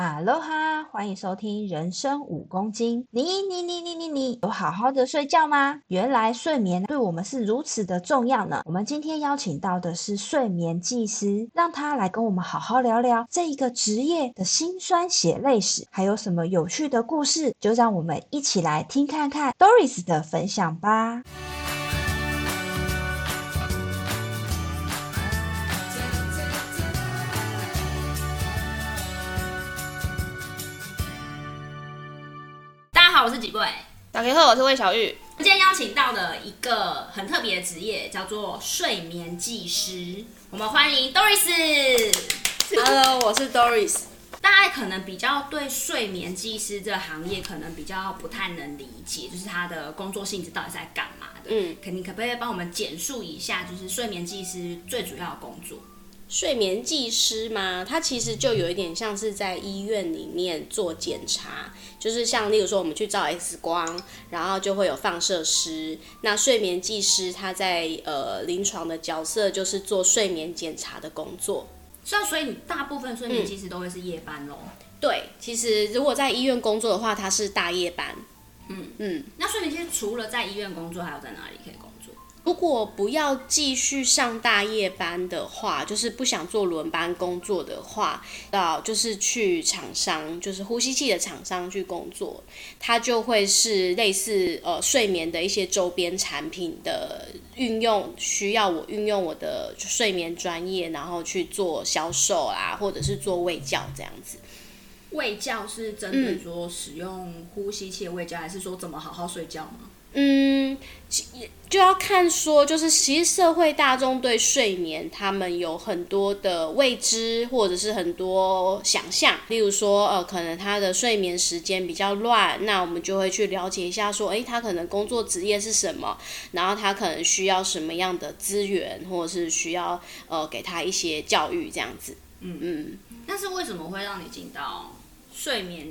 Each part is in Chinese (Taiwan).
哈嘍哈，歡迎收聽《人生五公斤》。你、你、你、你、你、你、你有好好的睡覺嗎？原來睡眠對我們是如此的重要呢。我們今天邀請到的是睡眠技師，讓他來跟我們好好聊聊這一個職業的辛酸血淚史，還有什麼有趣的故事，就讓我們一起來聽看看 Doris 的分享吧。我是幾位？大家好，我是魏小玉。今天邀請到的一個很特別的職業叫做睡眠技師，我們歡迎 Doris。Hello，我是 Doris。大家可能比較對睡眠技師這個行業可能比較不太能理解，就是他的工作性質到底是在幹嘛的。嗯，肯定可不可以幫我們簡述一下，就是睡眠技師最主要的工作？睡眠技師嘛，他其實就有一點像是在醫院裡面做檢查，就是像例如說我們去照 X 光，然後就會有放射師。那睡眠技師他在呃臨床的角色就是做睡眠檢查的工作。所以，所以你大部分睡眠技師都會是夜班嘍？嗯。對，其實如果在醫院工作的話，他是大夜班。嗯嗯。那睡眠技師除了在醫院工作，還有在哪裡可以工作？如果不要繼續上大夜班的話，就是不想做輪班工作的話，到、啊、就是去廠商，就是呼吸器的廠商去工作，它就會是類似呃睡眠的一些周邊產品的運用，需要我運用我的睡眠專業，然後去做銷售啊，或者是做衛教這樣子。衛教是針對說使用呼吸器的衛教、嗯，還是說怎麼好好睡覺嗎？嗯，就要看說，就是其實社會大眾對睡眠，他們有很多的未知，或者是很多想象。例如說，呃，可能他的睡眠時間比較亂，那我們就會去了解一下，說，誒、欸，他可能工作職業是什麼，然後他可能需要什麼樣的資源，或者是需要呃給他一些教育這樣子。嗯嗯。但是為什麼會讓你進到睡眠？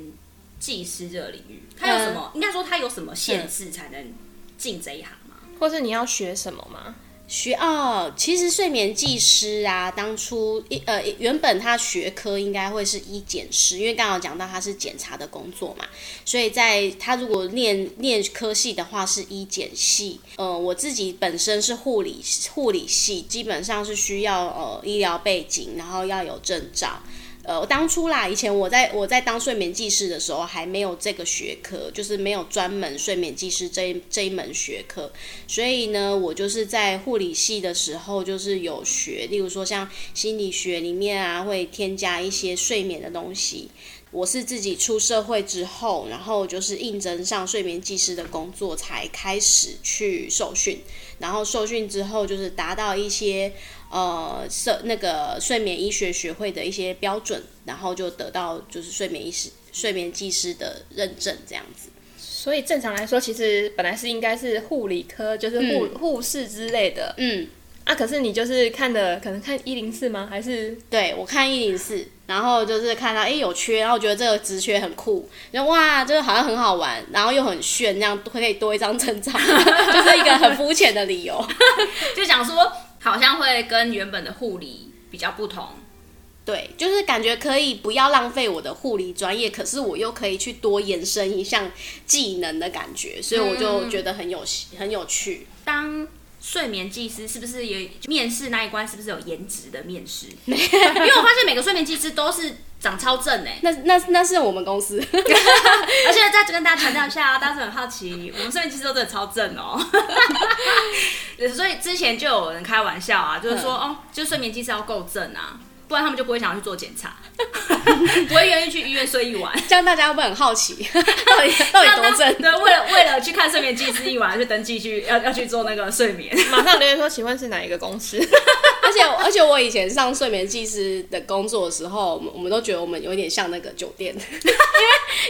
技師這個領域，他有什麼？嗯，應該說他有什麼限制才能進這一行嗎？或是你要學什麼嗎？學哦。其實睡眠技師啊，當初一呃原本他學科應該會是醫檢師，因為剛好講到他是檢查的工作嘛，所以在他如果念念科系的話是醫檢系。呃，我自己本身是護理護理系，基本上是需要呃醫療背景，然後要有證照。呃，我當初啦，以前我在我在當睡眠技師的時候，還沒有這個學科，就是沒有專門睡眠技師這一這一門學科。所以呢，我就是在護理系的時候，就是有學，例如說像心理學裡面啊，會添加一些睡眠的東西。我是自己出社會之後，然後就是應徵上睡眠技師的工作，才開始去受訓。然後受訓之後，就是達到一些。呃，是那個睡眠醫學學會的一些標準，然後就得到就是睡眠醫師、睡眠技師的認證這樣子。所以正常來說，其實本來是應該是護理科，就是護護、嗯、士之類的。嗯。啊，可是你就是看的，可能看一零四嗎？還是？對，我看一零四，然後就是看到誒、欸、有缺，然後我覺得這個職缺很酷，然後哇，就是好像很好玩，然後又很炫，這樣會可以多一張證照， 就是一個很膚淺的理由， 就想說。好像會跟原本的護理比較不同，對，就是感覺可以不要浪費我的護理專業，可是我又可以去多延伸一項技能的感覺，所以我就覺得很有、嗯、很有趣。當睡眠技師是不是也面試那一關是不是有顏值的面試？ 因為我發現每個睡眠技師都是。長超正哎、欸！那那那是我們公司，而 且、 啊、再跟大家強調一下啊， 大家都很好奇，我們睡眠技師都真的超正哦， 所以之前就有人開玩笑啊，就是說、嗯、哦，就睡眠技師要夠正啊。不然他們就不會想要去做檢查， 不會願意去醫院睡一晚。這樣大家會不會很好奇？到底多 正那那？對，為了為了去看睡眠技師一晚，去登記去要要去做那個睡眠。馬上留言說，請問是哪一個公司？ 而且而且我以前上睡眠技師的工作的時候我，我們都覺得我們有點像那個酒店， 因為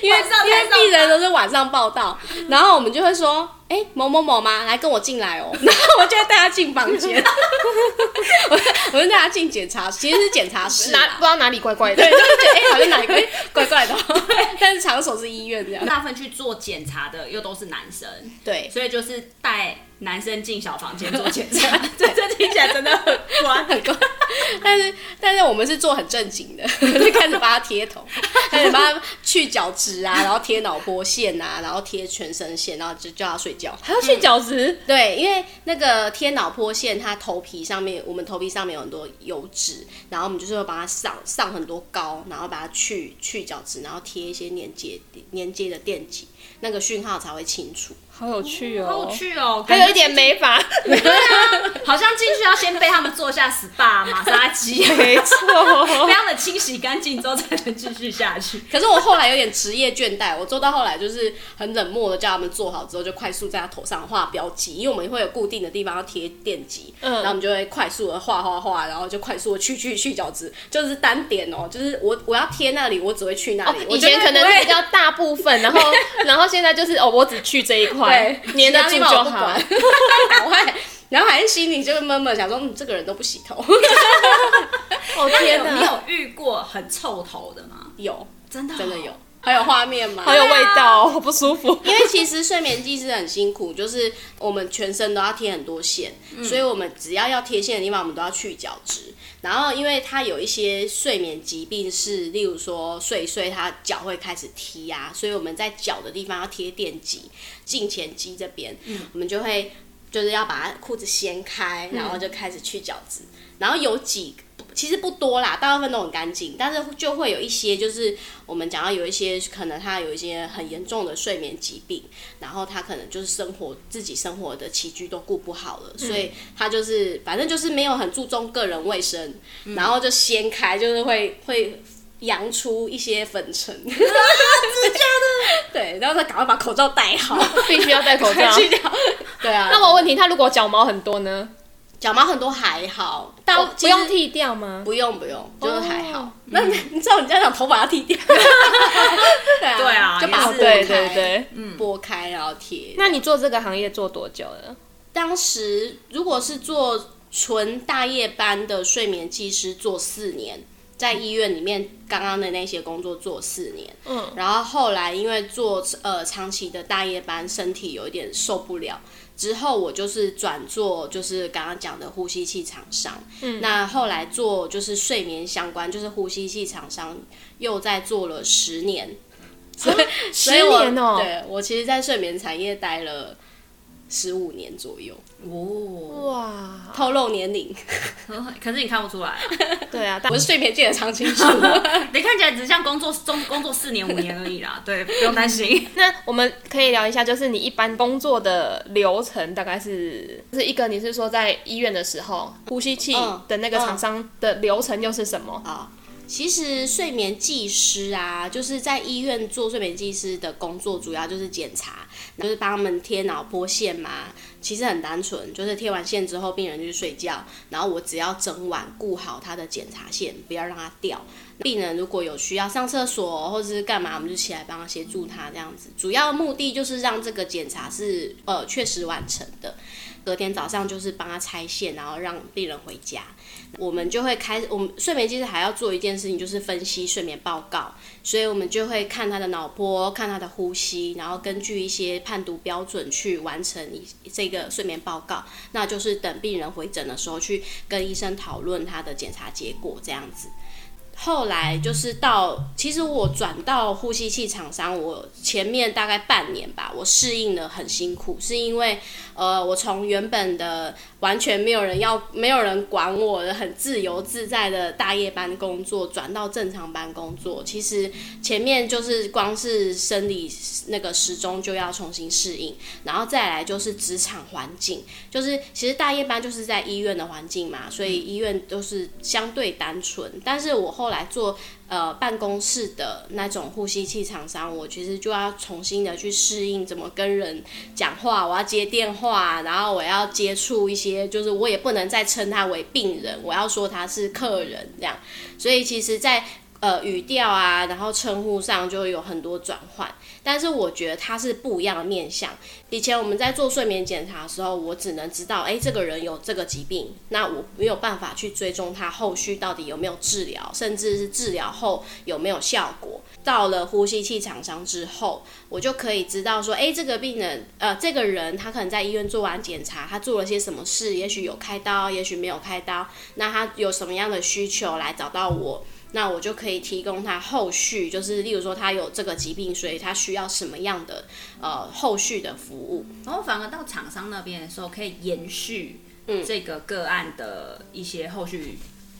因為因為病人都是晚上報到， 然後我們就會說。哎、欸，某某某嗎？來跟我進來哦、喔，然後我就要帶他進房間， 我我就帶他進檢查室，其實是檢查室，哪不知道哪裡怪怪的，對，就哎、是欸、好像哪裡怪怪的、喔，但是場所是醫院這樣。大部分去做檢查的又都是男生，對，所以就是帶。男生進小房間做檢查，這 對 這聽起來真的很乖很乖， 但是但是我們是做很正經的，就開始把他貼頭， 開始幫他去角質啊，然後貼腦波線啊，然後貼全身線，然後就叫他睡覺。還要去角質？嗯，對，因為那個貼腦波線，他頭皮上面我們頭皮上面有很多油脂，然後我們就是會把他上上很多膏，然後把它去去角質，然後貼一些粘接粘接的電極，那個訊號才會清楚。好有趣哦，哦！好有趣哦！還有一點沒法， 對啊、 好像進去要先被他們做一下 SPA、馬殺雞，沒錯錯，非常的清洗乾淨之後才能繼續下去。可是我後來有點職業倦怠，我做到後來就是很冷漠的叫他們做好之後就快速在他頭上畫標記，因為我們會有固定的地方要貼電極，嗯，然後我們就會快速的畫畫畫，然後就快速的去去去角質，就是單點哦，就是我我要貼那裡，我只會去那裡。哦、我以前可能比較大部分，然後然後現在就是哦，我只去這一塊。對，粘得住就好。我，我， 我然後還是心裡就是悶悶，想說你這個人都不洗頭。我、 oh, 天哪 你有遇過很臭頭的嗎？有，真的真的有。還有畫面嗎？還有味道、哦啊，好不舒服。 因為其實睡眠技師很辛苦，就是我們全身都要貼很多線， 所以我們只要要貼線的地方，我們都要去角質。然後，因為他有一些睡眠疾病是，是例如說睡一睡他腳會開始踢啊，所以我們在腳的地方要貼電極，脛前肌這邊，嗯，我們就會就是要把他褲子掀開，然後就開始去角質，嗯。然後有幾個。其實不多啦，大部分都很乾淨，但是就會有一些，就是我們講到有一些可能他有一些很嚴重的睡眠疾病，然後他可能就是生活自己生活的起居都顧不好了、嗯，所以他就是反正就是沒有很注重個人衛生、嗯，然後就掀開就是會會揚出一些粉塵，指、啊、 的，對，然後他趕快把口罩戴好，必須要戴口罩，去掉 對啊。那我問題，他如果腳毛很多呢？腳毛很多還好，但不用剃掉嗎？不用不用，oh, 就是還好。那、哦嗯、你知道你家長頭髮要剃掉 對、啊？對啊，就把它撥開，撥開對對對，嗯，撥開然後貼。那你做這個行業做多久了？當時如果是做純大夜班的睡眠技師，做四年，在醫院裡面剛剛的那些工作做四年，嗯，然後後來因為做呃長期的大夜班，身體有一點受不了。之後我就是轉做就是剛剛講的呼吸器廠商、嗯，那後來做就是睡眠相關，就是呼吸器廠商又再做了十年，啊、所以所以我十年、喔、對我其實，在睡眠產業待了，十五年左右、oh. 哇，透露年齡， 可是你看不出來， 對啊，但我是睡眠界的常青樹， 你看起來只像工作中工作四年五年而已啦， 對，不用擔心。 那我們可以聊一下，就是你一般工作的流程大概是，就是一個你是說在醫院的時候，呼吸器的那個廠商的流程又是什麼啊？Oh. Oh. 其實睡眠技師啊，就是在醫院做睡眠技師的工作，主要就是檢查，就是幫他們貼腦波線嘛。其實很單純，就是貼完線之後，病人就去睡覺，然後我只要整晚顧好他的檢查線，不要讓他掉。病人如果有需要上廁所或者是幹嘛，我們就起來幫他協助他這樣子。主要目的就是讓這個檢查是，呃，確實完成的。隔天早上就是幫他拆線，然後讓病人回家。我們就會開，我們睡眠技師還要做一件事情，就是分析睡眠報告。所以我們就會看他的腦波，看他的呼吸，然後根據一些判讀標準去完成你這個睡眠報告。那就是等病人回診的時候，去跟醫生討論他的檢查結果，這樣子。後來就是到，其實我轉到呼吸器廠商，我前面大概半年吧，我適應得很辛苦，是因為，呃，我從原本的完全沒有人要、沒有人管我的很自由自在的大夜班工作，轉到正常班工作，其實前面就是光是生理那個時鐘就要重新適應，然後再來就是職場環境，就是其實大夜班就是在醫院的環境嘛，所以醫院都是相對單純，但是我後來做呃辦公室的那種呼吸器廠商，我其實就要重新的去適應怎麼跟人講話，我要接電話，然後我要接觸一些，就是我也不能再稱他為病人，我要說他是客人這樣。所以其實在，在呃語調啊，然後稱呼上就有很多轉換。但是我覺得他是不一樣的面向。以前我們在做睡眠檢查的時候，我只能知道，哎、欸，這個人有這個疾病，那我沒有辦法去追蹤他後續到底有沒有治療，甚至是治療後有沒有效果。到了呼吸器廠商之後，我就可以知道說，哎、欸，這個病人，呃，這個人他可能在醫院做完檢查，他做了些什麼事，也許有開刀，也許沒有開刀，那他有什麼樣的需求來找到我。那我就可以提供他後續，就是例如說他有這個疾病，所以他需要什麼樣的呃後續的服務。然後、哦、反而到廠商那邊的時候，可以延續這個個案的一些後續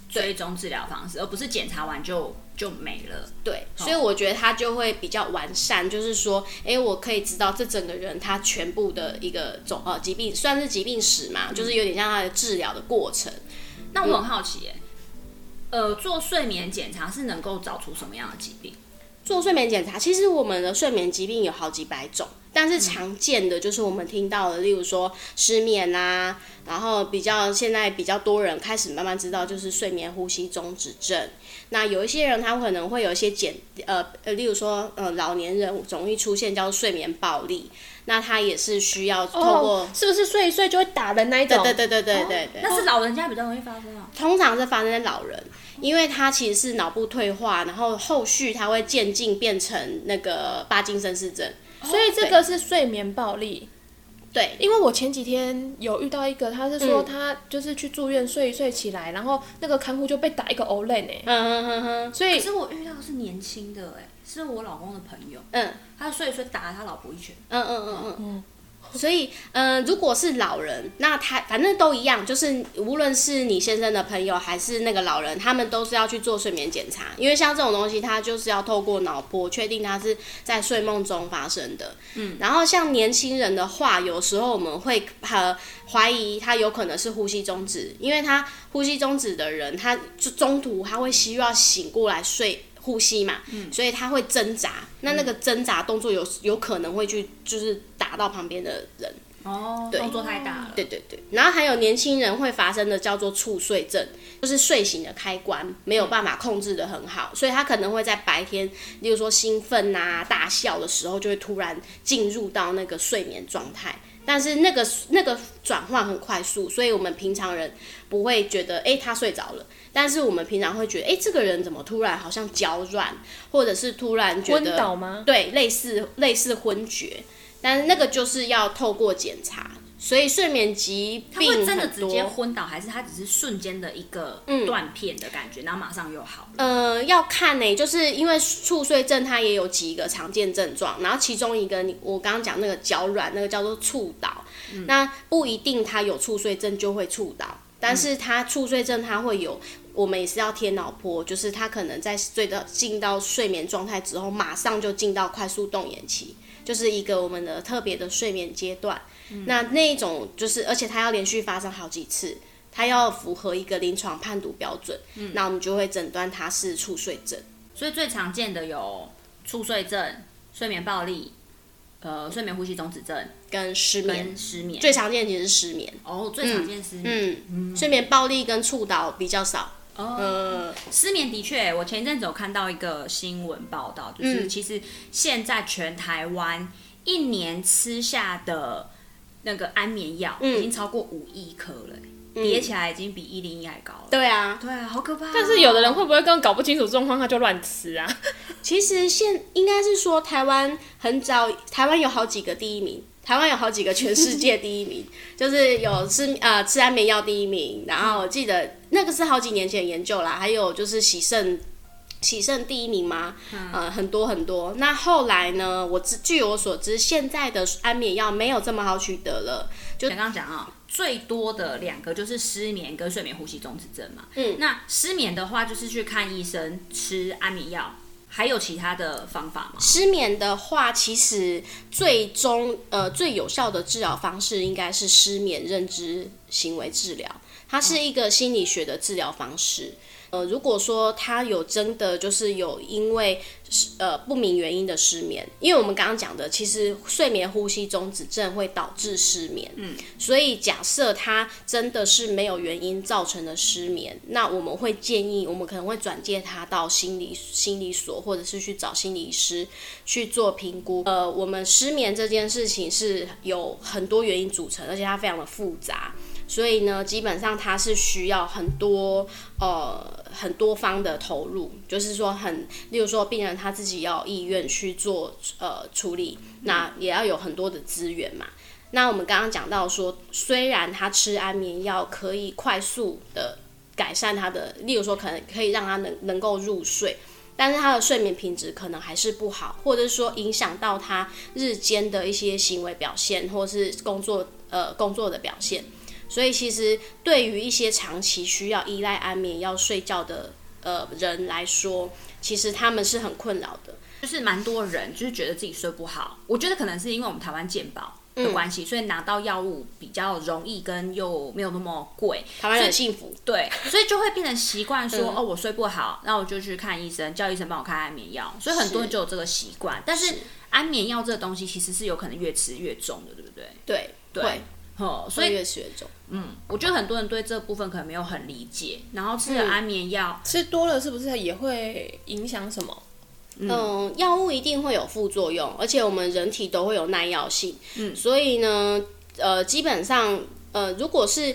追蹤治療方式、嗯，而不是檢查完就就沒了。對、哦，所以我覺得他就會比較完善，就是說，哎、欸，我可以知道這整個人他全部的一個總呃疾病，算是疾病史嘛，嗯、就是有點像他的治療的過程。那我很好奇耶。嗯呃，做睡眠檢查是能夠找出什麼樣的疾病？做睡眠檢查，其實我們的睡眠疾病有好幾百種，但是常見的就是我們聽到的，例如說失眠啊，然後比較現在比較多人開始慢慢知道，就是睡眠呼吸中止症。那有一些人他可能會有一些簡呃呃，例如說呃老年人容易出現叫睡眠暴力。那他也是需要透過、oh，是不是睡一睡就會打人那一種？對對對對對對，對，oh, 對，對，對。那是老人家比較容易發生啊、哦。通常是發生在老人，因為他其實是腦部退化，然後後續他會漸進變成那個帕金森氏症，oh, 所以這個是睡眠暴力。對，因為我前幾天有遇到一個，他是說他就是去住院睡一睡起來，嗯、然後那個看護就被打一個歐累呢。嗯嗯嗯嗯。所以其實我遇到的是年輕的哎、欸，是我老公的朋友。嗯，他睡一睡打了他老婆一拳。嗯嗯嗯嗯。嗯嗯所以，嗯、呃，如果是老人，那他反正都一樣，就是無論是你先生的朋友還是那個老人，他們都是要去做睡眠檢查，因為像這種東西，他就是要透過腦波確定他是在睡夢中發生的。嗯，然後像年輕人的話，有時候我們會怕懷、呃、懷疑他有可能是呼吸中止，因為他呼吸中止的人，他就中途他會需要醒過來睡。呼吸嘛、嗯，所以他會掙扎、嗯，那那個掙扎動作有有可能會去就是打到旁邊的人。哦對，動作太大了。對對對。然後還有年輕人會發生的叫做猝睡症，就是睡醒的開關沒有辦法控制得很好，嗯，所以他可能會在白天，例如說興奮吶、啊、大笑的時候，就會突然進入到那個睡眠狀態。但是那個那個轉換很快速，所以我們平常人不會覺得哎、欸，他睡着了。但是我們平常會覺得，哎、欸，這個人怎麼突然好像腳軟，或者是突然覺得，昏倒嗎？對，類似類似昏厥，但是那個就是要透過檢查。所以睡眠疾病很多，他會真的直接昏倒，還是它只是瞬間的一個斷片的感覺、嗯，然後馬上又好了？呃，要看呢、欸，就是因為猝睡症它也有幾個常見症狀，然後其中一個你我剛剛講那個腳軟，那個叫做猝倒、嗯，那不一定他有猝睡症就會猝倒。但是它猝睡症他，它、嗯、會有，我們也是要貼腦波，就是它可能在睡到進到睡眠狀態之後，馬上就進到快速動眼期，就是一個我們的特別的睡眠階段、嗯。那那一種就是，而且它要連續發生好幾次，它要符合一個臨床判讀標準，嗯、那我們就會診斷它是猝睡症。所以最常見的有猝睡症、睡眠暴力。呃，睡眠呼吸中止症跟失眠，失眠最常見，其實是失眠哦。最常見失眠，嗯，嗯嗯睡眠暴力跟猝倒比較少、哦、呃，失眠的確，我前陣子有看到一個新聞報道，就是其實現在全台灣一年吃下的那個安眠藥已經超過五億顆了。嗯疊、嗯、起來已經比一零一還高了。對啊，對啊，好可怕、喔。但是有的人會不會更搞不清楚狀況，他就亂吃啊？其實現應該是說台灣很早，台灣有好幾個第一名，台灣有好幾個全世界第一名， 就是有吃呃吃安眠藥第一名，然後我記得、嗯、那個是好幾年前研究啦，還有就是洗腎洗腎第一名嗎？嗯、呃，很多很多。那後來呢？我知據我所知，現在的安眠藥沒有這麼好取得了。就剛剛講啊。剛剛最多的兩個就是失眠跟睡眠呼吸中止症嘛。嗯，那失眠的話就是去看醫生吃安眠藥，還有其他的方法嗎？失眠的話，其實最終呃最有效的治療方式應該是失眠認知行為治療，它是一個心理學的治療方式。嗯。呃，如果說他有真的就是有因為呃不明原因的失眠，因為我們剛剛講的，其實睡眠呼吸中止症會導致失眠，嗯，所以假設他真的是沒有原因造成的失眠，那我們會建議我們可能會轉介他到心理心理所，或者是去找心理師去做評估。呃，我們失眠這件事情是有很多原因組成，而且它非常的複雜，所以呢，基本上它是需要很多呃。很多方的投入，就是說很，例如說病人他自己要意願去做呃處理，那也要有很多的資源嘛。那我們剛剛講到說，雖然他吃安眠藥可以快速的改善他的，例如說可能可以讓他能能夠入睡，但是他的睡眠品質可能還是不好，或者說影響到他日間的一些行為表現，或是工作呃工作的表現。所以其實對於一些長期需要依賴安眠藥睡覺的呃人來說，其實他們是很困擾的。就是蠻多人就是覺得自己睡不好，我覺得可能是因為我們台灣健保的關係、嗯，所以拿到藥物比較容易，跟又沒有那麼貴，台灣人很幸福。對，所以就會變成習慣說、嗯、哦，我睡不好，那我就去看醫生，叫醫生幫我開安眠藥。所以很多人就有這個習慣，但是安眠藥這個東西其實是有可能越吃越重的，對不對？對，對。呵、哦，所以越吃越重，嗯，我覺得很多人對這部分可能沒有很理解，嗯、然後吃了安眠藥吃、嗯、多了是不是也會影響什麼？嗯，藥、嗯、物一定會有副作用，而且我們人體都會有耐藥性，嗯，所以呢，呃，基本上，呃，如果是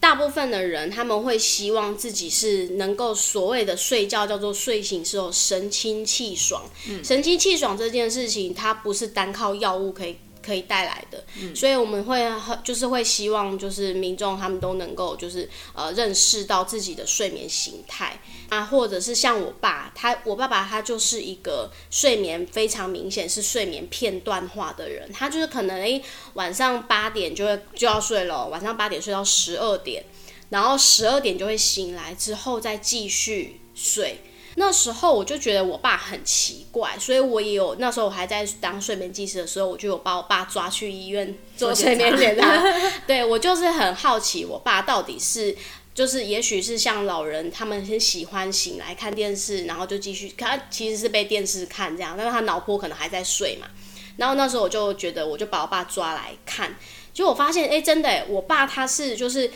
大部分的人，他們會希望自己是能夠所謂的睡覺叫做睡醒時候神清氣爽，嗯、神清氣爽這件事情它不是單靠藥物可以。可以帶來的。嗯，所以我們會很，就是會希望就是民眾他們都能夠就是呃認識到自己的睡眠形態啊，或者是像我爸他我爸爸他就是一個睡眠非常明顯是睡眠片段化的人，他就是可能誒、欸、晚上八點就會就要睡了，晚上八點睡到十二點，然後十二點就會醒來之後再繼續睡。那時候我就覺得我爸很奇怪，所以我也有那時候我還在當睡眠技師的時候，我就有把我爸抓去醫院做睡眠檢查。 對，我就是很好奇，我爸到底是就是，也許是像老人他們很喜歡醒來看電視，然後就繼續看，其實是被電視看這樣，但是他腦波可能還在睡嘛。然後那時候我就覺得，我就把我爸抓來看，結果我發現，哎、欸，真的，我爸他是就是。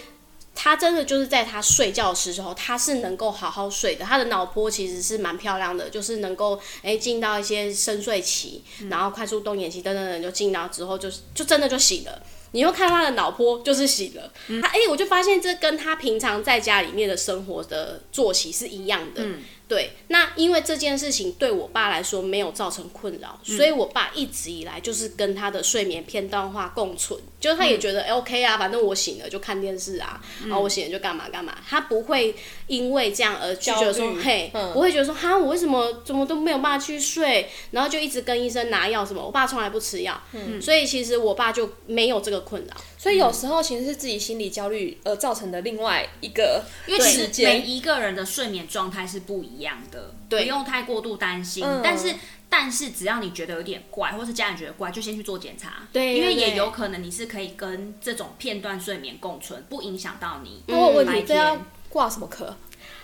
他真的就是在他睡覺的時候，他是能夠好好睡的。他的腦波其實是蠻漂亮的，就是能夠哎進到一些深睡期，嗯、然後快速動眼期，等等等，就進到之後就就真的就醒了。你又看他的腦波，就是醒了。嗯、他哎、欸，我就發現這跟他平常在家裡面的生活的作息是一樣的。嗯對，那因為這件事情對我爸來說沒有造成困擾、嗯，所以我爸一直以來就是跟他的睡眠片段化共存，就是他也覺得、嗯欸、OK 啊，反正我醒了就看電視啊，嗯、然後我醒了就幹嘛幹嘛，他不會。因為這樣而去覺得說焦慮，我、hey, 嗯、會覺得說哈，我為什麼怎麼都沒有辦法去睡，然後就一直跟醫生拿藥什麼。我爸從來不吃藥、嗯，所以其實我爸就沒有這個困擾、嗯。所以有時候其實是自己心理焦慮而造成的另外一個。因為其實每一個人的睡眠狀態是不一樣的，不用太過度擔心。但是但是只要你覺得有點怪，或是家人覺得怪，就先去做檢查。對，因為也有可能你是可以跟這種片段睡眠共存，不影響到你。因、嗯、為我每天掛什麼科？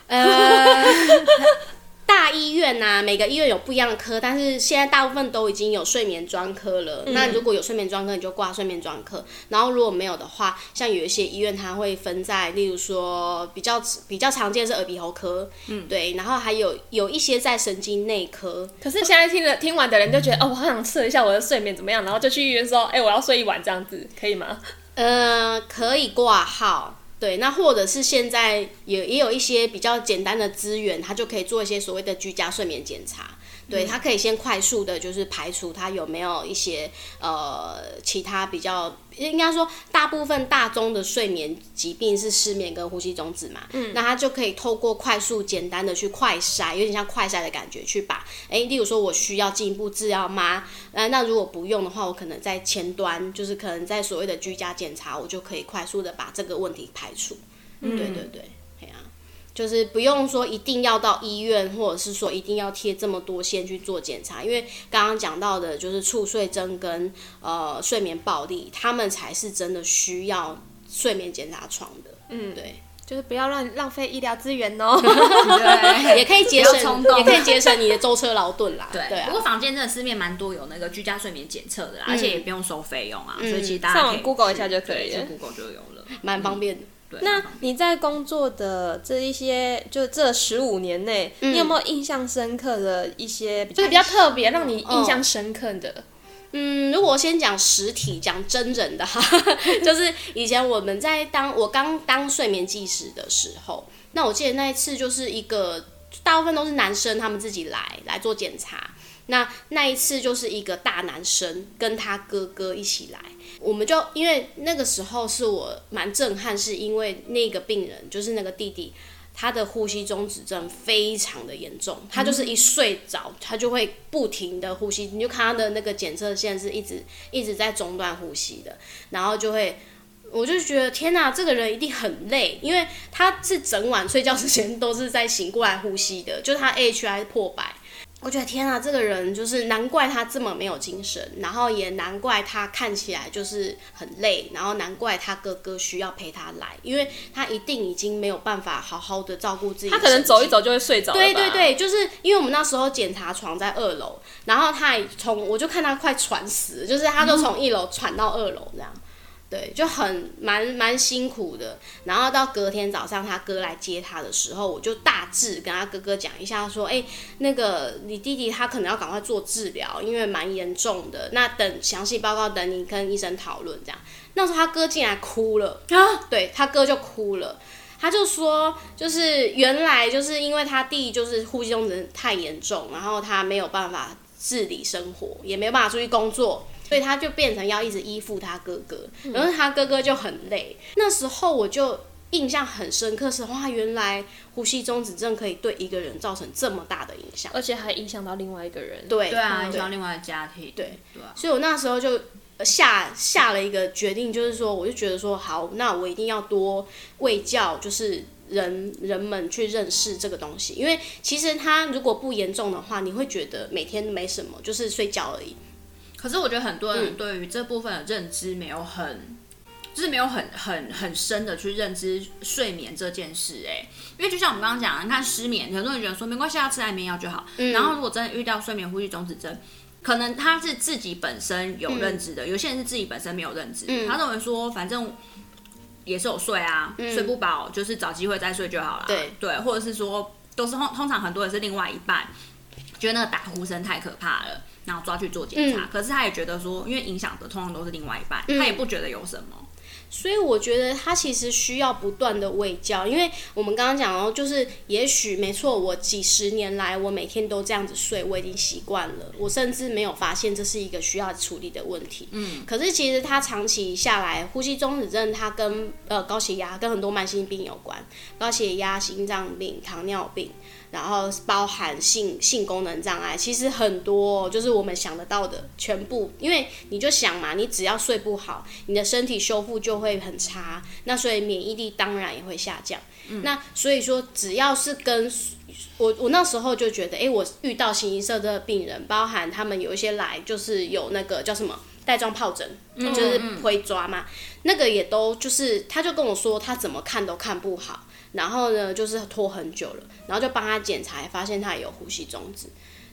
呃，大醫院吶、啊，每個醫院有不一樣的科，但是現在大部分都已經有睡眠專科了。嗯、那如果有睡眠專科，你就掛睡眠專科；然後如果沒有的話，像有一些醫院，它會分在，例如說比較比較常見是耳鼻喉科，嗯，對。然後還有有一些在神經內科。可是現在聽了聽完的人就覺得，哦，我好想測一下我的睡眠怎麼樣，然後就去醫院說，哎、欸，我要睡一晚，這樣子可以嗎？呃，可以掛號。對，那或者是現在也也有一些比較簡單的資源，他就可以做一些所謂的居家睡眠檢查。對，它可以先快速的，就是排除它有沒有一些呃其他比較，應該說大部分大宗的睡眠疾病是失眠跟呼吸中止嘛。嗯。那它就可以透過快速簡單的去快篩，有點像快篩的感覺，去把哎、欸，例如說我需要進一步治療嗎？呃，那如果不用的話，我可能在前端，就是可能在所謂的居家檢查，我就可以快速的把這個問題排除。嗯，對對對。就是不用說一定要到醫院，或者是說一定要貼這麼多線去做檢查，因為剛剛講到的，就是猝睡症跟呃睡眠暴力，他們才是真的需要睡眠檢查床的。嗯，對，就是不要亂浪費醫療資源哦 對，也可以節省，也可以節省你的舟車勞頓啦。對，對啊、不過坊間真的市面蠻多有那個居家睡眠檢測的、嗯，而且也不用收費用啊，嗯、所以其實大家可以上網 Google 一下就可以了，Google 就有了，蠻方便的。嗯那你在工作的這一些，就這十五年內，嗯，你有沒有印象深刻的一些，這比較特別，讓你印象深刻的哦。嗯，如果我先講實體，講真人的哈， 就是以前我們在當我剛當睡眠技師的時候，那我記得那一次就是一個大部分都是男生，他們自己來來做檢查。那那一次就是一個大男生跟他哥哥一起來。我們就因為那個時候是我蠻震撼，是因為那個病人就是那個弟弟，他的呼吸中止症非常的嚴重，他就是一睡着他就會不停的呼吸，你就看他的那個檢測線是一直一直在中斷呼吸的，然後就會我就覺得天哪、啊，這個人一定很累，因為他是整晚睡覺之前都是在醒過來呼吸的，就他 AHI 破百。我覺得天啊，這個人就是難怪他這麼沒有精神，然後也難怪他看起來就是很累，然後難怪他哥哥需要陪他來，因為他一定已經沒有辦法好好的照顧自己。他可能走一走就會睡着。對對對，就是因為我們那時候檢查床在二樓，然後他也從我就看他快喘死，就是他都從一樓喘到二樓這樣。對，就很蠻蠻辛苦的。然後到隔天早上，他哥來接他的時候，我就大致跟他哥哥講一下，說，哎、欸，那個你弟弟他可能要趕快做治療，因為蠻嚴重的。那等詳細報告，等你跟醫生討論這樣。那時候他哥竟然哭了啊，對他哥就哭了，他就說，就是原來就是因為他弟就是呼吸中止太嚴重，然後他沒有辦法自理生活，也沒有辦法出去工作。所以他就變成要一直依附他哥哥，然、嗯、後他哥哥就很累。那時候我就印象很深刻是，是哇，原來呼吸中止症可以對一個人造成這麼大的影響，而且還影響到另外一個人。對，對、嗯、啊，影響到另外的家庭。對，嗯、對，對，對、啊、所以我那時候就下下了一個決定，就是說，我就覺得說，好，那我一定要多衛教，就是人人們去認識這個東西，因為其實他如果不嚴重的話，你會覺得每天沒什麼，就是睡覺而已。可是我覺得很多人對於這部分的認知沒有很，嗯、就是沒有很很很深的去認知睡眠這件事，欸，哎，因為就像我們剛剛講，你看失眠，很多人覺得說沒關係，要吃安眠藥就好，嗯。然後如果真的遇到睡眠呼吸中止症，可能他是自己本身有認知的，嗯、有些人是自己本身沒有認知，嗯、他認為說反正也是有睡啊，嗯、睡不飽就是找機會再睡就好了，對，或者是說都是通通常很多人是另外一半，覺得那個打呼聲太可怕了，然後抓去做檢查、嗯。可是他也覺得說，因為影響的通常都是另外一半、嗯，他也不覺得有什麼。所以我覺得他其實需要不斷的衛教，因為我們剛剛講哦，就是也許沒錯，我幾十年來我每天都這樣子睡，我已經習慣了，我甚至沒有發現這是一個需要處理的問題。嗯，可是其實他長期下來，呼吸中止症，他跟呃高血壓跟很多慢性病有關，高血壓、心臟病、糖尿病。然後包含性性功能障礙，其實很多，就是我們想得到的全部。因為你就想嘛，你只要睡不好，你的身體修復就會很差，那所以免疫力當然也會下降。嗯、那所以說，只要是跟我我那時候就覺得，哎、欸，我遇到形形色色的病人，包含他們有一些來，就是有那個叫什麼帶狀皰疹嗯嗯，就是會抓嘛，那個也都就是，他就跟我說他怎麼看都看不好。然後呢，就是拖很久了，然後就幫他檢查，發現他有呼吸中止，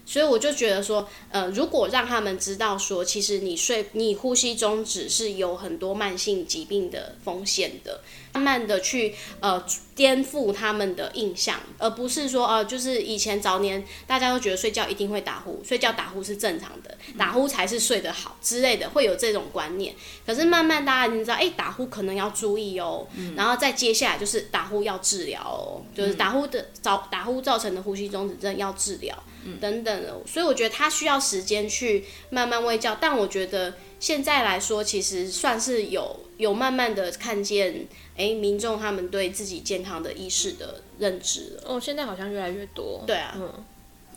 所以我就覺得說，呃，如果讓他們知道說，其實你睡，你呼吸中止是有很多慢性疾病的風險的。慢慢的去呃顛覆他們的印象，而不是說呃就是以前早年大家都覺得睡覺一定會打呼，睡覺打呼是正常的，打呼才是睡得好之類的，會有這種觀念。可是慢慢大家你知道，哎、欸，打呼可能要注意哦、喔嗯，然後再接下來就是打呼要治療哦、喔，就是打呼的造、嗯、打呼造成的呼吸中止症要治療、嗯、等等的。所以我覺得他需要時間去慢慢衛教，但我覺得。現在來說，其實算是有有慢慢的看見，哎、欸，民眾他們對自己健康的意識的認知哦，現在好像越來越多。對啊，嗯，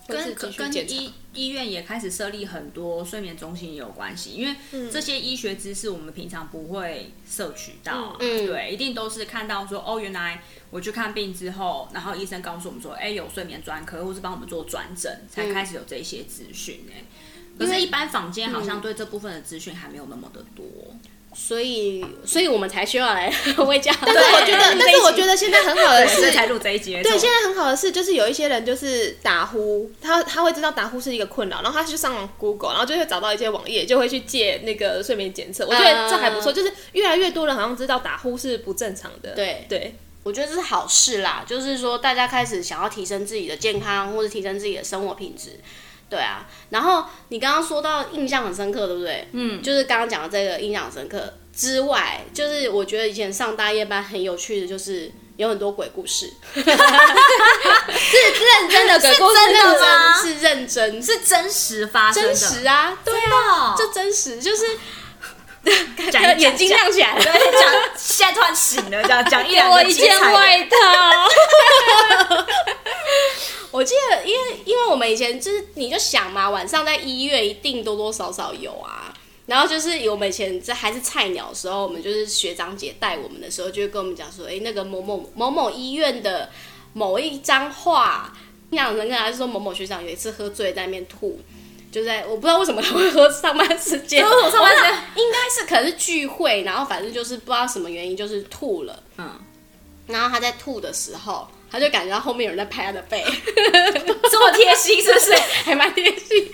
跟跟醫醫院也開始設立很多睡眠中心也有關係，因為這些醫學知識我們平常不會攝取到，嗯，對，一定都是看到說，哦，原來我去看病之後，然後醫生告訴我們說，哎、欸，有睡眠專科，或是幫我們做轉診，才開始有這些資訊、欸，哎、嗯。因為一般坊間好像對這部分的資訊還沒有那麼的多、嗯，所以，所以我們才需要來會講。 但是我覺得，但是我覺得現在很好的事 是才錄這一集。對，現在很好的是，就是有一些人就是打呼，他他會知道打呼是一個困擾，然後他就上網 Google，然後就會找到一些網頁，就會去借那個睡眠檢測。我覺得這還不錯、呃，就是越來越多人好像知道打呼是不正常的。對，對我覺得這是好事啦，就是說大家開始想要提升自己的健康，或者提升自己的生活品質。對啊，然後你剛剛說到印象很深刻，對不對？嗯，就是剛剛講的這個印象很深刻之外，就是我覺得以前上大夜班很有趣的，就是有很多鬼故事。 是認真的鬼故事嗎？是認真，是認真，是真實發生的，真實啊，對啊，真哦，就真實，就是。講講講，眼睛亮起來，對，講 現在突然醒了，這樣講一兩給我一件外套。 我記得，因為因為我們以前就是，你就想嘛，晚上在醫院一定多多少少有啊。然後就是我們以前這還是菜鳥的時候，我們就是學長姐帶我們的時候，就跟我們講說，哎、欸，那個某某某某醫院的某一張畫，那樣人跟人家說，某某學長有一次喝醉在那邊吐。就在我不知道為什麼他會說上班時間，上班時間，應該是可能是聚會，然後反正就是不知道什麼原因，就是吐了，嗯，然後他在吐的時候。他就感覺到後面有人在拍他的背， 這麼貼心是不是？ 還蠻貼心。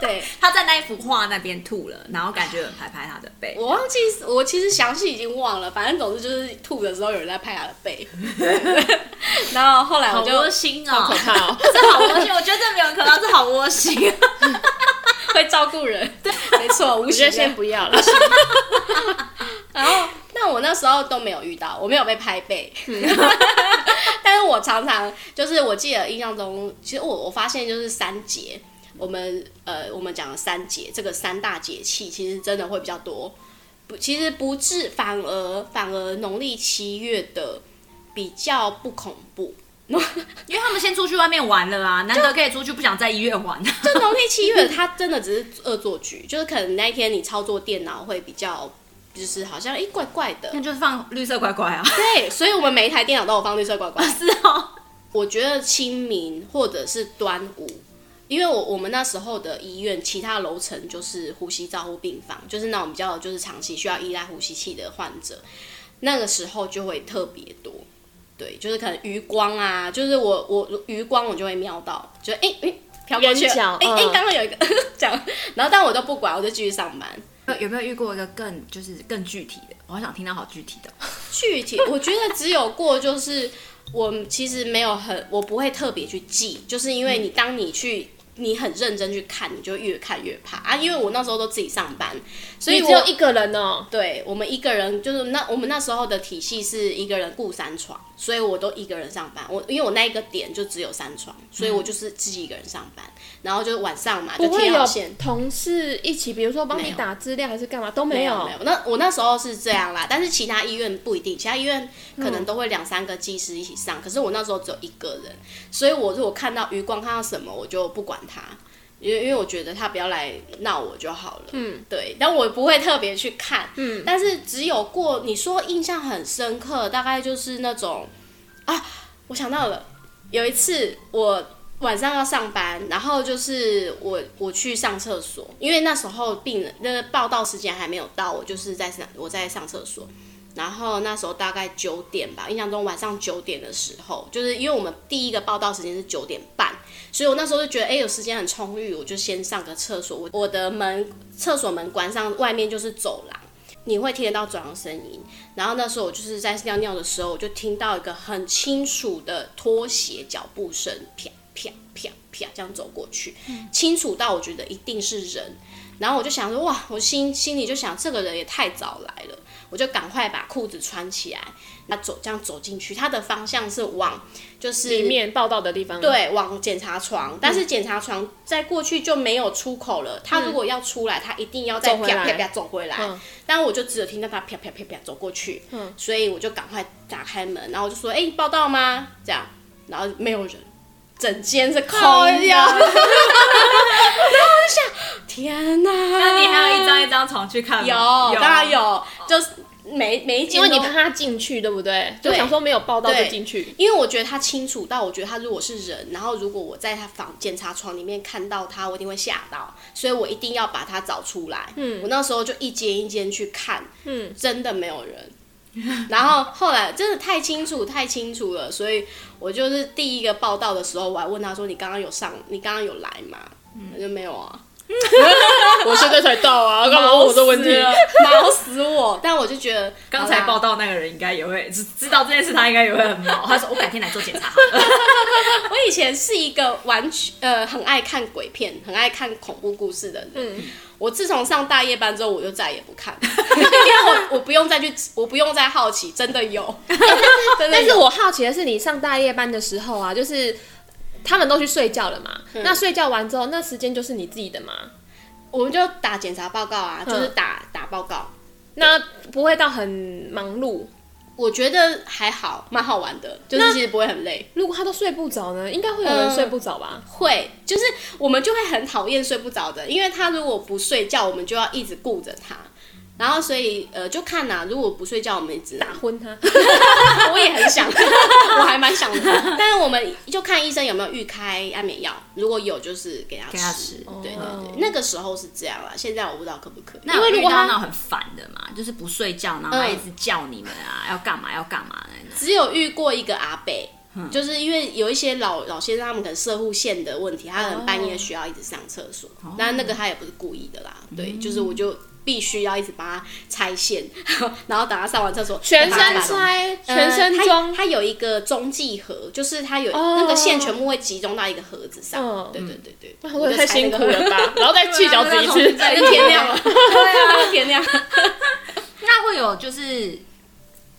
對， 他在那一幅畫那邊吐了，然後感覺有拍拍他的背。我忘記，我其實詳細已經忘了，反正總之就是吐的時候有人在拍他的背。 然後後來我就得、喔、好心啊、喔，可怕哦，這好窩心。我覺得這沒有可能，這好窩心。 會照顧人，對， 沒錯，直接先不要了。然後，那我那時候都沒有遇到，我沒有被拍背。 但是，我常常就是我記得印象中，其實我我發現就是三節，我們呃，我們講的三節，這個三大節氣，其實真的會比較多。不，其實不至，反而反而農曆七月的比較不恐怖。因為他們先出去外面玩了啦、啊，難得可以出去，不想在醫院玩、啊。就農曆七月，他真的只是惡作劇， 就是可能那一天你操作電腦會比較，就是好像哎、欸、怪怪的，那就是放綠色乖乖啊。對，所以我們每一台電腦都有放綠色乖乖。是哦，我覺得清明或者是端午，因為我我們那時候的醫院其他樓層就是呼吸照護病房，就是那種比較就是長期需要依賴呼吸器的患者，那個時候就會特別多。對，就是可能餘光啊，就是我我餘光我就會瞄到，就哎哎瞟過去，哎哎剛剛有一個這樣，嗯、 然後但我都不管，我就繼續上班。有，有沒有遇過一個更就是更具體的？我還想聽到好具體的。 具體我覺得只有過，就是我其實沒有很，我不會特別去記，就是因為你當你去。嗯你很認真去看，你就越看越怕啊！因為我那時候都自己上班，所以只有一個人哦、喔，對我們一個人，就是那我們那時候的體系是一個人顧三床，所以我都一個人上班。我因為我那一個點就只有三床，所以我就是自己一個人上班。然後就是晚上嘛，就天線，不會有同事一起，比如說幫你打資料還是幹嘛，都沒有。沒有。沒有，那我那時候是這樣啦，但是其他醫院不一定，其他醫院可能都會兩三個技師一起上、嗯。可是我那時候只有一個人，所以我如果看到餘光看到什麼，我就不管。他，因為因為我覺得他不要來鬧我就好了。嗯，對，但我不會特別去看。嗯，但是只有過你說印象很深刻，大概就是那種啊。我想到了，有一次我晚上要上班，然後就是我我去上廁所，因為那時候病人呃報到時間還沒有到，我就是在上我在上廁所。然後那時候大概九點吧，印象中晚上九點的時候，就是因為我們第一個報到時間是九點半，所以我那時候就覺得，哎，有時間很充裕，我就先上個廁所。我我的門，廁所門關上，外面就是走廊，你會聽得到走廊聲音。然後那時候我就是在尿尿的時候，我就聽到一個很清楚的拖鞋腳步聲，啪啪啪啪這樣走過去、嗯，清楚到我覺得一定是人。然後我就想說，哇，我心心裡就想，這個人也太早來了。我就趕快把褲子穿起來，那走這樣走進去，它的方向是往就是裡面報到，道的地方，對，往檢查床，嗯、但是檢查床再過去就沒有出口了。他如果要出來，他、嗯、一定要再啪啪啪走回來。嗯、但我就只有聽到他啪、啪啪啪啪走過去，嗯、所以我就趕快打開門，然後我就說：“哎、欸，報到嗎？”這樣，然後沒有人。整間是空的， 然後我就想，天哪、啊！那你還有一張一張床去看嗎？有，有當然有，哦、就是每每一間，因為你怕他進去，對不對？對，就想說沒有報到就進去，因為我覺得他清楚。但我覺得他如果是人，然後如果我在他房檢查床裡面看到他，我一定會嚇到，所以我一定要把他找出來。嗯，我那時候就一間一間去看，嗯，真的沒有人。 然後後來真的、就是、太清楚太清楚了，所以我就是第一個報到的時候，我還問他說：“你剛剛有上，你剛剛有來嗎？”他、嗯、就沒有啊。 我現在才到啊，幹嘛問我的問題啊？忙死我了，忙死我！ 但我就覺得，剛才報到那個人應該也會 知道這件事，他應該也會很忙。他說：“我改天來做檢查。 ” 我以前是一個完全呃很愛看鬼片、很愛看恐怖故事的人。嗯我自從上大夜班之後，我就再也不看了， 因為我我不用再去，我不用再好奇，真的有， 真的有。但是我好奇的是，你上大夜班的時候啊，就是他們都去睡覺了嘛？嗯、那睡覺完之後，那時間就是你自己的嘛？嗯、我們就打檢查報告啊，就是打、嗯、打報告，那不會到很忙碌。我覺得還好，蠻好玩的，就是其實不會很累。如果他都睡不着呢？應該會有人睡不着吧？呃，會，就是我們就會很討厭睡不着的，因為他如果不睡覺，我們就要一直顧着他。然後，所以呃，就看吶、啊，如果不睡覺，我們一直打昏他。 我也很想， 我還蠻想的。 但是，我們就看醫生有沒有預開安眠藥，如果有，就是給他，給他吃。對對對、哦，那個時候是這樣啦。現在我不知道可不可以。那有因為如果他鬧很煩的嘛，就是不睡覺，然後一直叫你們啊，要幹嘛要幹嘛，只有遇過一個阿伯，嗯、就是因為有一些老老先生他們可能攝護腺的問題，他可能半夜需要一直上廁所。那、哦、那個他也不是故意的啦，嗯、對，就是我就。必須要一直把它拆線，然後等他上完廁所，全身摔，全身裝、呃。它有、嗯、有一個中繼盒，就是它有那個線全部會集中到一個盒子上。哦、對對對對，嗯、我太辛苦了吧？然後再去腳底去，天亮了，天亮。 那會有就是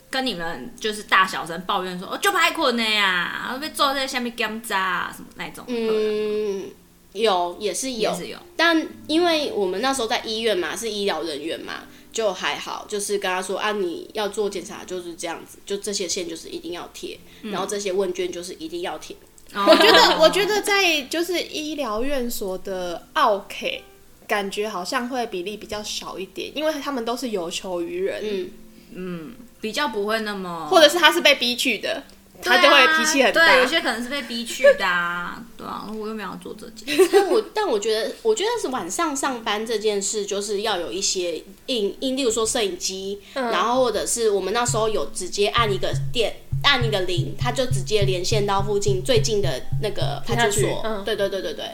跟你們就是大小聲抱怨說：“我就怕困的呀，被坐在下面干渣啊什麼那種。”嗯。有也是有，也是有，但因為我們那時候在醫院嘛，是醫療人員嘛，就還好，就是跟他說啊，你要做檢查就是這樣子，就這些線就是一定要貼、嗯，然後這些問卷就是一定要貼、嗯。我覺得，我覺得在就是醫療院所的奧客，感覺好像會比例比較少一點，因為他們都是有求於人，嗯嗯，比較不會那麼，或者是他是被逼去的。他就會，脾氣很大對。啊，對，有些可能是被逼去的，啊。 對啊，我又沒有做這件事。 但我，但我覺得，我覺得是晚上上班這件事，就是要有一些硬硬，例如說攝影機，嗯，然後或者是我們那時候有直接按一個電，按一個鈴，他就直接連線到附近最近的那個派出所，嗯，對對對對對。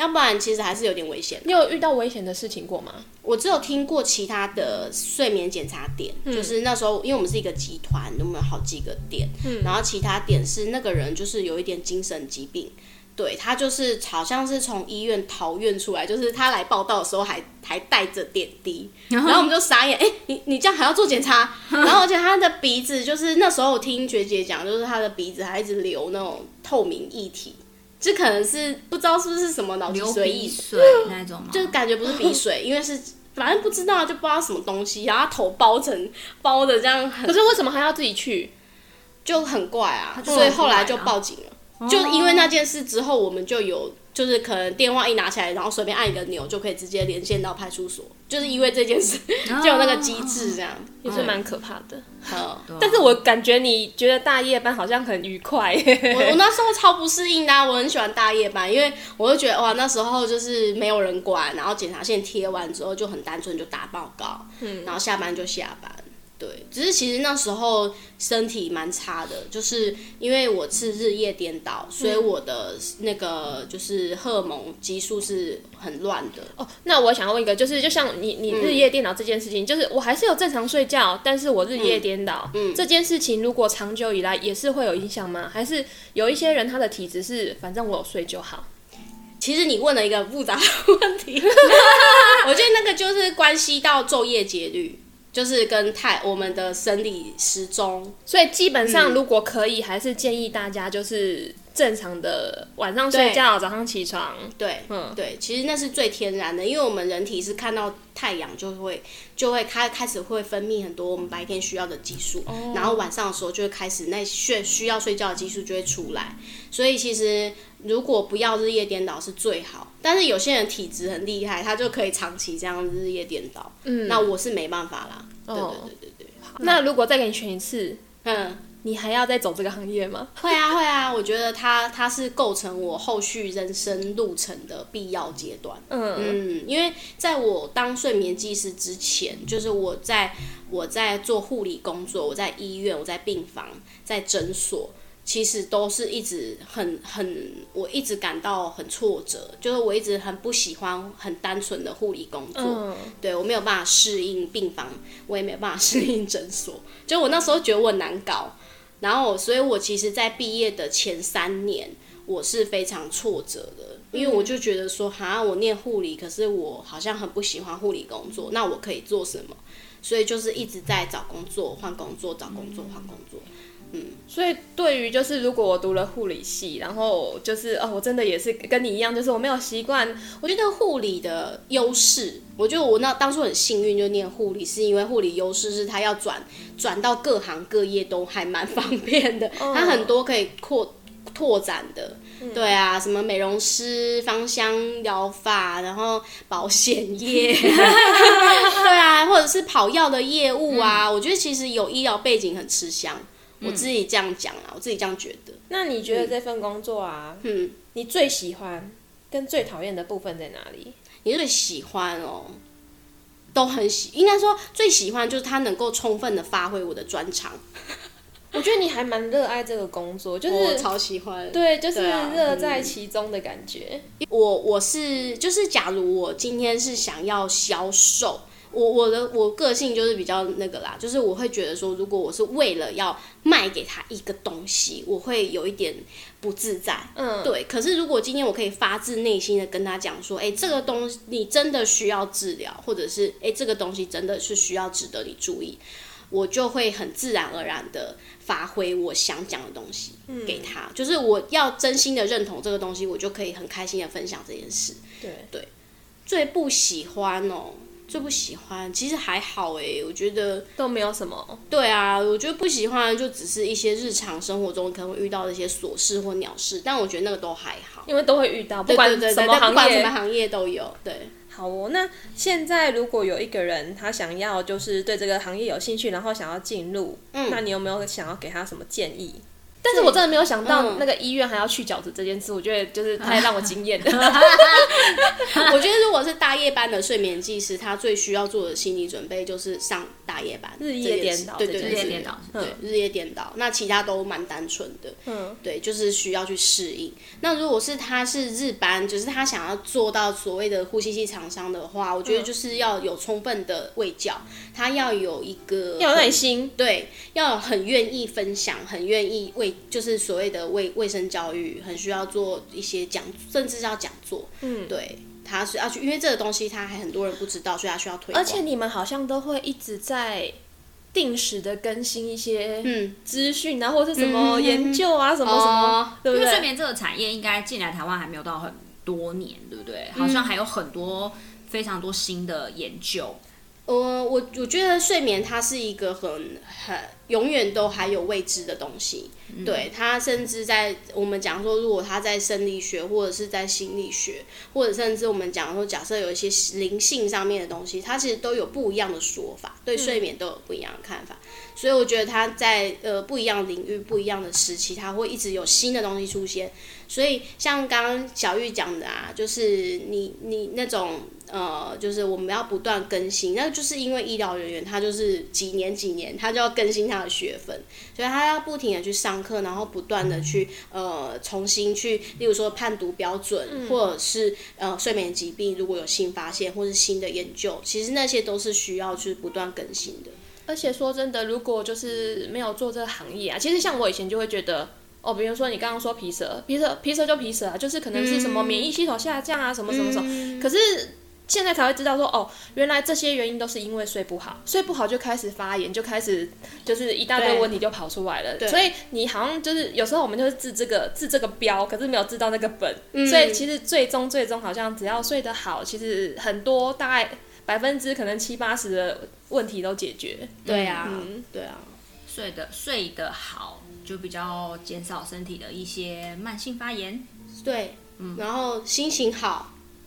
要不然其實還是有點危險。你有遇到危險的事情過嗎？我只有聽過其他的睡眠檢查點、嗯，就是那時候因為我們是一個集團、嗯，我們有好幾個點、嗯。然後其他點是那個人就是有一點精神疾病，對，他就是好像是從醫院逃院出來，就是他來報到的時候還還帶着點滴然，然後我們就傻眼，哎、欸，你你這樣還要做檢查、嗯？然後而且他的鼻子就是那時候我聽學姐講，就是他的鼻子還一直流那種透明液體。這可能是不知道是不是什麼腦積水，那種就是感覺不是鼻水，因為是反正不知道，就不知道什麼東西，然後他頭包成包的這樣。可是為什麼還要自己去？就很怪啊，所以後來就報警了。 就因為那件事之後，我們就有就是可能電話一拿起來，然後隨便按一個鈕就可以直接連線到派出所。就是因為這件事 就有那個機制，這樣也、哦、是蠻可怕的。好、哦，但是我感覺你覺得大夜班好像很愉快、哦 啊。我我那時候超不適應啊！我很喜歡大夜班，因為我就覺得哇，那時候就是沒有人管，然後檢查線貼完之後就很單純就打報告，嗯，然後下班就下班。對，只是其實那時候身體蠻差的，就是因為我是日夜顛倒，所以我的那個就是荷爾蒙激素是很亂的、嗯。哦，那我想要問一個，就是就像你你日夜顛倒這件事情、嗯，就是我還是有正常睡覺，但是我日夜顛倒、嗯嗯，這件事情如果長久以來也是會有影響嗎？還是有一些人他的體質是反正我有睡就好？其實你問了一個複雜的問題， 我覺得那個就是關係到晝夜節律。就是跟太我們的生理時鐘，所以基本上如果可以，還是建議大家就是。正常的晚上睡覺，早上起床，對，嗯，對，其實那是最天然的，因為我們人體是看到太陽就會就會開開始會分泌很多我們白天需要的激素，哦，然後晚上的時候就會開始那需需要睡覺的激素就會出來，所以其實如果不要日夜顛倒是最好，但是有些人體質很厲害，他就可以長期這樣日夜顛倒，嗯，那我是沒辦法啦，哦、對，對，對對對，好，那如果再給你選一次，嗯。你還要再走這個行業嗎？ 會啊，會啊！我覺得它它是構成我後續人生路程的必要階段。嗯嗯，因為在我當睡眠技師之前，就是我在我在做護理工作，我在醫院，我在病房，在診所，其實都是一直很很，我一直感到很挫折，就是我一直很不喜歡很單純的護理工作，嗯、對，我沒有辦法適應病房，我也沒有辦法適應診所，就我那時候覺得我很難搞。然後，所以我其實，在畢業的前三年，我是非常挫折的，因為我就覺得說，哈、嗯啊，我念護理，可是我好像很不喜歡護理工作，那我可以做什麼？所以就是一直在找工作、換工作、找工作、換工作。嗯，嗯所以對於就是如果我讀了護理系，然後就是哦，我真的也是跟你一樣，就是我沒有習慣，我覺得護理的優勢。我覺得我那當初很幸運，就念護理，是因為護理優勢是它要轉轉到各行各業都還蠻方便的，它很多可以擴拓展的，嗯。對啊，什麼美容師、芳香療法，然後保險業， 對啊，或者是跑藥的業務啊，嗯。我覺得其實有醫療背景很吃香，嗯，我自己這樣講啊，我自己這樣覺得。那你覺得這份工作啊，嗯，你最喜歡跟最討厭的部分在哪裡？你最喜歡哦、喔，都很喜，應該說最喜歡就是他能夠充分的發揮我的專長。 我覺得你還蠻熱愛這個工作，就是我超喜歡，對，就是樂在其中的感覺。啊嗯、我我是就是，假如我今天是想要銷售。我我的我個性就是比較那個啦，就是我會覺得說，如果我是為了要賣給他一個東西，我會有一點不自在，嗯，對。可是如果今天我可以發自內心的跟他講說，哎，欸，這個東西你真的需要治療，或者是哎，欸，這個東西真的是需要值得你注意，我就會很自然而然的發揮我想講的東西給他，嗯，就是我要真心的認同這個東西，我就可以很開心的分享這件事。對對，最不喜歡哦，喔。最不喜歡，其實還好哎、欸，我覺得都沒有什麼。對啊，我覺得不喜歡就只是一些日常生活中可能會遇到的一些瑣事或鳥事，但我覺得那個都還好。因為都會遇到，不管什麼行業，對對對，不管什麼行業都有。對，好哦。那現在如果有一個人他想要就是對這個行業有興趣，然後想要進入、嗯，那你有沒有想要給他什麼建議？但是我真的沒有想到那個醫院還要去角質，嗯、角質這件事，我覺得就是太讓我驚艷了。 我覺得如果是大夜班的睡眠技師，他最需要做的心理準備就是上大夜班，日夜顛倒，對，對對，日夜顛倒，對，日夜顛倒。那其他都蠻單純的，嗯，對，就是需要去適應。那如果是他是日班，就是他想要做到所謂的呼吸器廠商的話，我覺得就是要有充分的衛教。他要有一個，要有耐心，對，要很願意分享，很願意衛教。就是所謂的衛衛生教育，很需要做一些講，甚至要講座。嗯，對，他是要去，因為這個東西他還很多人不知道，所以他需要推廣。而且你們好像都會一直在定時的更新一些資訊啊，或、嗯、是什麼研究啊，嗯哼嗯哼什麼什麼、哦對不對？因為睡眠這個產業應該進來台灣還沒有到很多年，對不對？好像還有很多非常多新的研究。呃、嗯嗯哦，我我覺得睡眠它是一個很很，永遠都還有未知的東西，對他，嗯、甚至在我們講說，如果他在生理學，或者是在心理學，或者甚至我們講說，假設有一些靈性上面的東西，它其實都有不一樣的說法，對睡眠都有不一樣的看法。嗯、所以我覺得他在呃不一樣的領域、不一樣的時期，他會一直有新的東西出現。所以像剛剛小玉講的啊，就是你你那種呃，就是我們要不斷更新，那就是因為醫療人員他就是幾年幾年他就要更新他。學分，所以他要不停的去上課，然後不斷的去、嗯、呃重新去，例如說判讀標準，嗯、或者是呃睡眠疾病如果有新發現或是新的研究，其實那些都是需要去不斷更新的。而且說真的，如果就是沒有做這個行業啊，其實像我以前就會覺得哦，比如說你剛剛說皮蛇，皮蛇皮蛇就皮蛇啊，就是可能是什麼免疫系統下降啊，嗯、什麼什麼什麼，嗯、可是。現在才會知道說哦，原來這些原因都是因為睡不好，睡不好就開始發炎，就開始就是一大堆問題就跑出來了。對對，所以你好像就是有時候我們就是治這個治這個標，可是沒有治到那個本。嗯、所以其實最終最終好像只要睡得好，其實很多大概百分之可能七八十的問題都解決。嗯、對啊、嗯，對啊，睡的睡得好就比較減少身體的一些慢性發炎。對，嗯、然後心情好。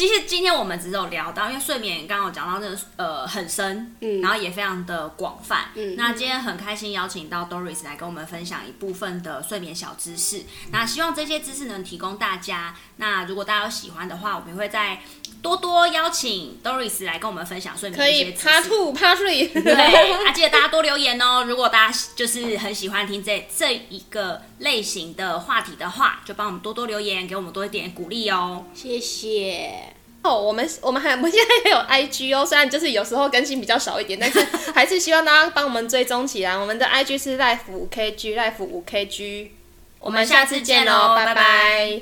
其實今天我們只有聊到，因為睡眠剛剛我講到那個呃很深，嗯，然後也非常的廣泛，嗯，那今天很開心邀請到 Doris 來跟我們分享一部分的睡眠小知識，嗯，那希望這些知識能提供大家。那如果大家有喜歡的話，我們會在。多多邀請 Doris 來跟我們分享，所以你可以趴兔趴睡。對，啊，記得大家多留言哦、喔。如果大家就是很喜歡聽這這一個類型的話題的話，就幫我們多多留言，給我們多一點鼓勵哦。謝謝。哦，我們我們還我現在也有 IG 哦，雖然就是有時候更新比較少一點，但是還是希望大家幫我們追蹤起來。我們的 IG 是 life5kg，life5kg。我們下次見嘍，拜拜。